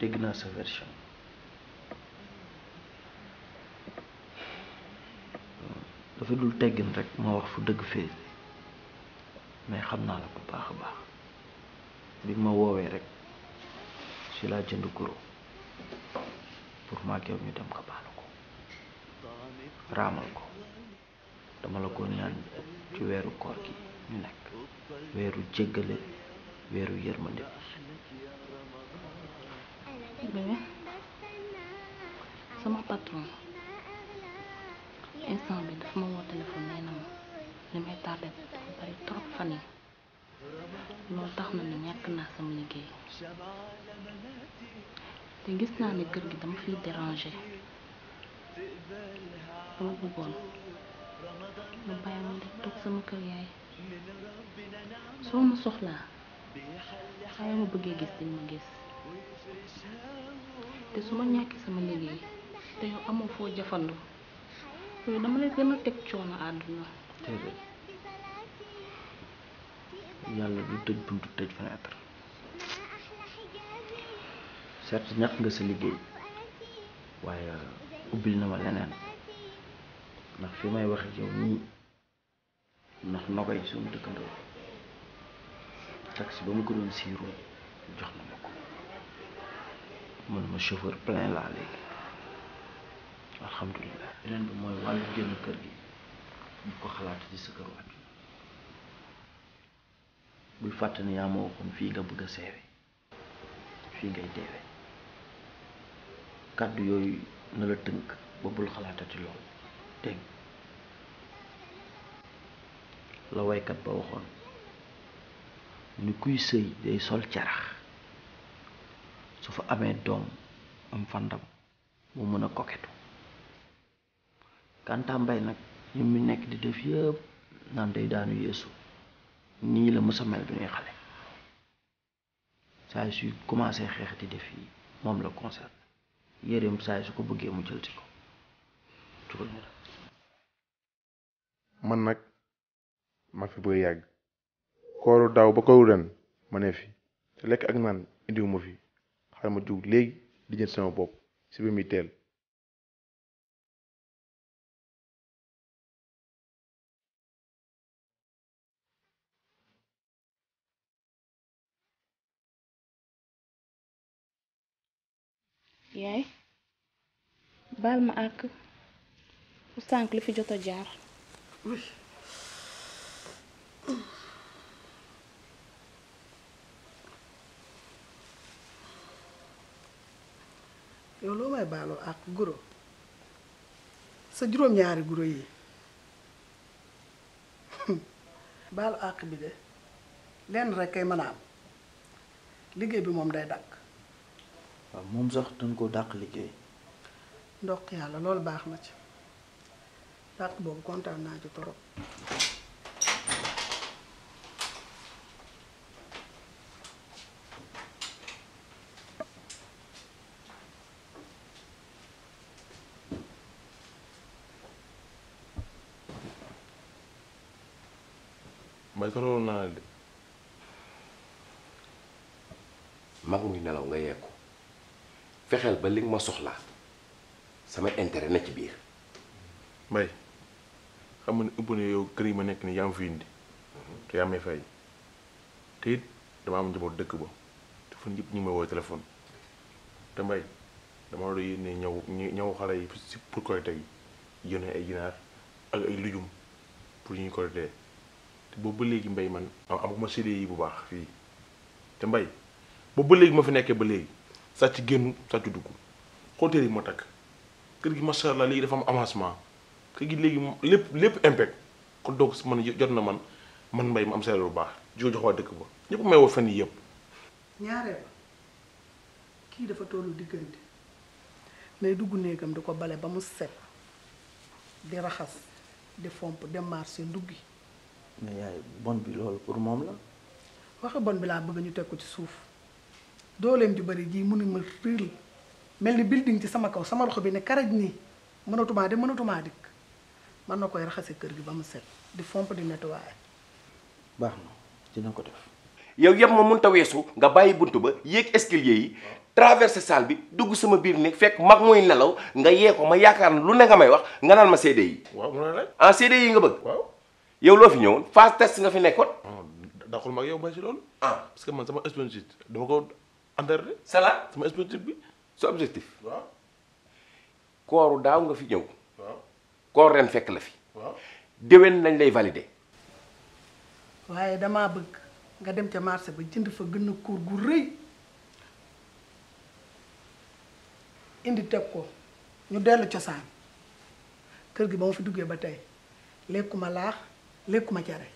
dégg naa sa version dafa dul teggin rek ma wax fu dëgg fees mais xam naa la bu baax a baax bi ma woowee rek si laa jënd guro pour maag ñu dem ko baanu ko raamal ko dama la ko ñaan ci weeru koor gi ñu nekk weeru jéggale weeru yërmande sama patron instant bi dafa ma woo téléphone nee na ma li may tardé dafa bari trop fan yi loolu tax na ne ñàkk naa sama liggéey te gis naa ne kër gi dama fiy déranger dama bëggoon ma bàyyi ma de toog sama kër yaay soo ma soxlaa xaaral ma bëggee gis di ma gis. te su ma ñàkkee sama liggéey te yow amoo foo jafandu yooyu dama lay gën a teg coono àdduna yàlla du tëj buntu tëj fenêtre certes ñàkk nga sa liggéey waaye euh, ubbil na ma leneen ndax fi may waxe yow nii ndax nogoy suñu dëkkandoo taxi ba mu ko doon siiru jox na ma ko mu ne ma chauffeur plein laa léegi alhamdulilah beneen bi mooy wàllu génn kër gi bu ko xalaat ci sa bul fàtte yaa ma waxoon fii nga bëgg a seewe fii ngay deewe kàddu yooyu na la tënk ba bul xalaatati lool dégg la waykat ba waxoon ni kuy sëy day sol carax su fa amee doom am fandam ndam mu mën a koketu kanta mbay nag ñu mu nekk di def yëpp naan day daanu yeesu nii la mësa mel bi ñuy xale saa suy commencé xeex di def yi moom la concerne yéreem saa su ko bëggee mu jël ko man nag ma fi bëgg yàgg kooru daaw ba ko ren ma ne fi te lekk ak naan indiwuma fi xar ma jug léegi di jënd sama bopp si bi muy teel yaay baal ma àkk bu sànq li fi jot a jaar yow loo may baaloo ak guro sa juróom-ñaari goro yi baalu àq bi de lenn rek ay mën a am liggéey bi moom day dàq. waaw moom sax dañ ko dàq liggéey. ndox yàlla loolu baax na ci dàq boobu kontaan naa ci torop mbay tolloon naa la de. mag muy nelaw nga yeeku fexeel ba li nga ma soxlaa sama intérêt na ci biir. mbay xam nga ne ubbi na yow kër yi ma nekk nii yaa ma fi indi mhm. te it dama am njaboot dëkk ba te fan yëpp ñu may woo téléphone te mbay dama war a yónnee ñaw ñaw xale yi si pour Korité yi yónnee ay ginaar ak ay lujum pour ñu Korité. te boobu ba léegi mbay man amaguma CDI yi bu baax fii te mbay boobu ba léegi ma fi nekkee ba léegi sàcc génn sàcc dugg xoteer yi ma takk kër gi macha allah léegi dafa am avancement kër gi léegi lépp lépp impact kon donc man jot na man man mbay ma am salaire bu baax di ko jox waa dëkk ba ñëpp may woo fenn yii yëpp. ñaareel kii dafa tollu diggante lay dugg néegam di ko bale ba mu set di raxas di fomp di marché nduggi mais yaay bon bi loolu pour moom la. waxe bon bi laa bëgg ñu teg ko ci suuf dooleem ju bari building ci sama kaw sama loxo ne karaj nii mënatumaa di mënatumaa dikk man na koy raxase kër gi ba mu set di fomp di nettoyer. baax na dina ko def. yow yëpp ma mënut a nga bàyyi buntu ba Yek escalier yi traversé salle bi dugg sama biir nekk fekk mag muy nelaw nga yee ko ma yaakaar ne lu ne nga may wax nga naan ma CD yi. waaw mu ne la ah CD yi nga bëgg. waaw. yow loo fi ñëwoon phase test nga fi nekkoon. Oh, dàqul ma yow may si loolu. Ah. parce que man sama objectif dama ko entéré. salaat sama objectif bi. sa objectif. waaw kooru daaw nga fi ñëw. waaw ren fekk la fi. waaw déwén nañ lay valider. waaye damaa bëgg nga dem ca marché ba jënd fa gën a kuur gu rëy indi teg ko ñu dellu cosaan kër gi ba ma fi duggee ba tey lekkuma laax. lekkuma cere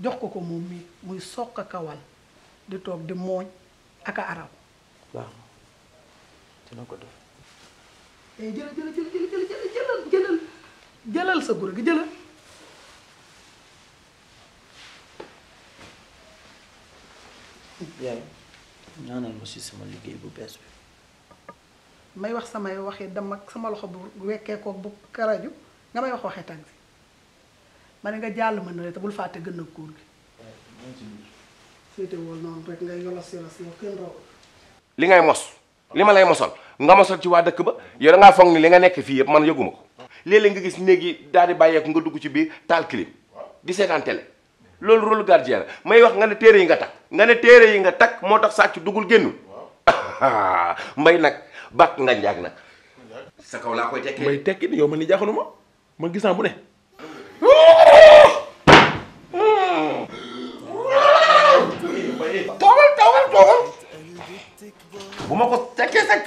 jox ko ko moom mii muy soq a kawal di toog di mooñ ak a araw waaw eh, jëlal jëlal jëlal jëlal jëlal sa gura gi jëlal yaay ñaanal ma si sama liggéey bu bees bi may wax samay waxi dam sama loxo bu wekkee ko bu karaju nga may wax waxee tànk si mané nga jall mën rek la te bul fàtte gën ak kóor gi. féete wol non rek ngay yolos yolos yow kenn raw li ngay mos li ma lay mosal nga mosal ci wa dëkk ba yow da nga fogg ni li nga nekk fi yëpp man yëguma ko léeg-léeg nga gis néeg daali daal di nga dugg ci biir tal clip di seetaan lool rôle gardien may wax nga né téré yi nga tak nga né téré yi nga tak moo tax sàcc dugul génnul mbay nag bàq nga njaag nak sa kaw la koy tekké may tekki yow man ni jaaxaluma ma gis naa bu né bu ma ko tekkee sek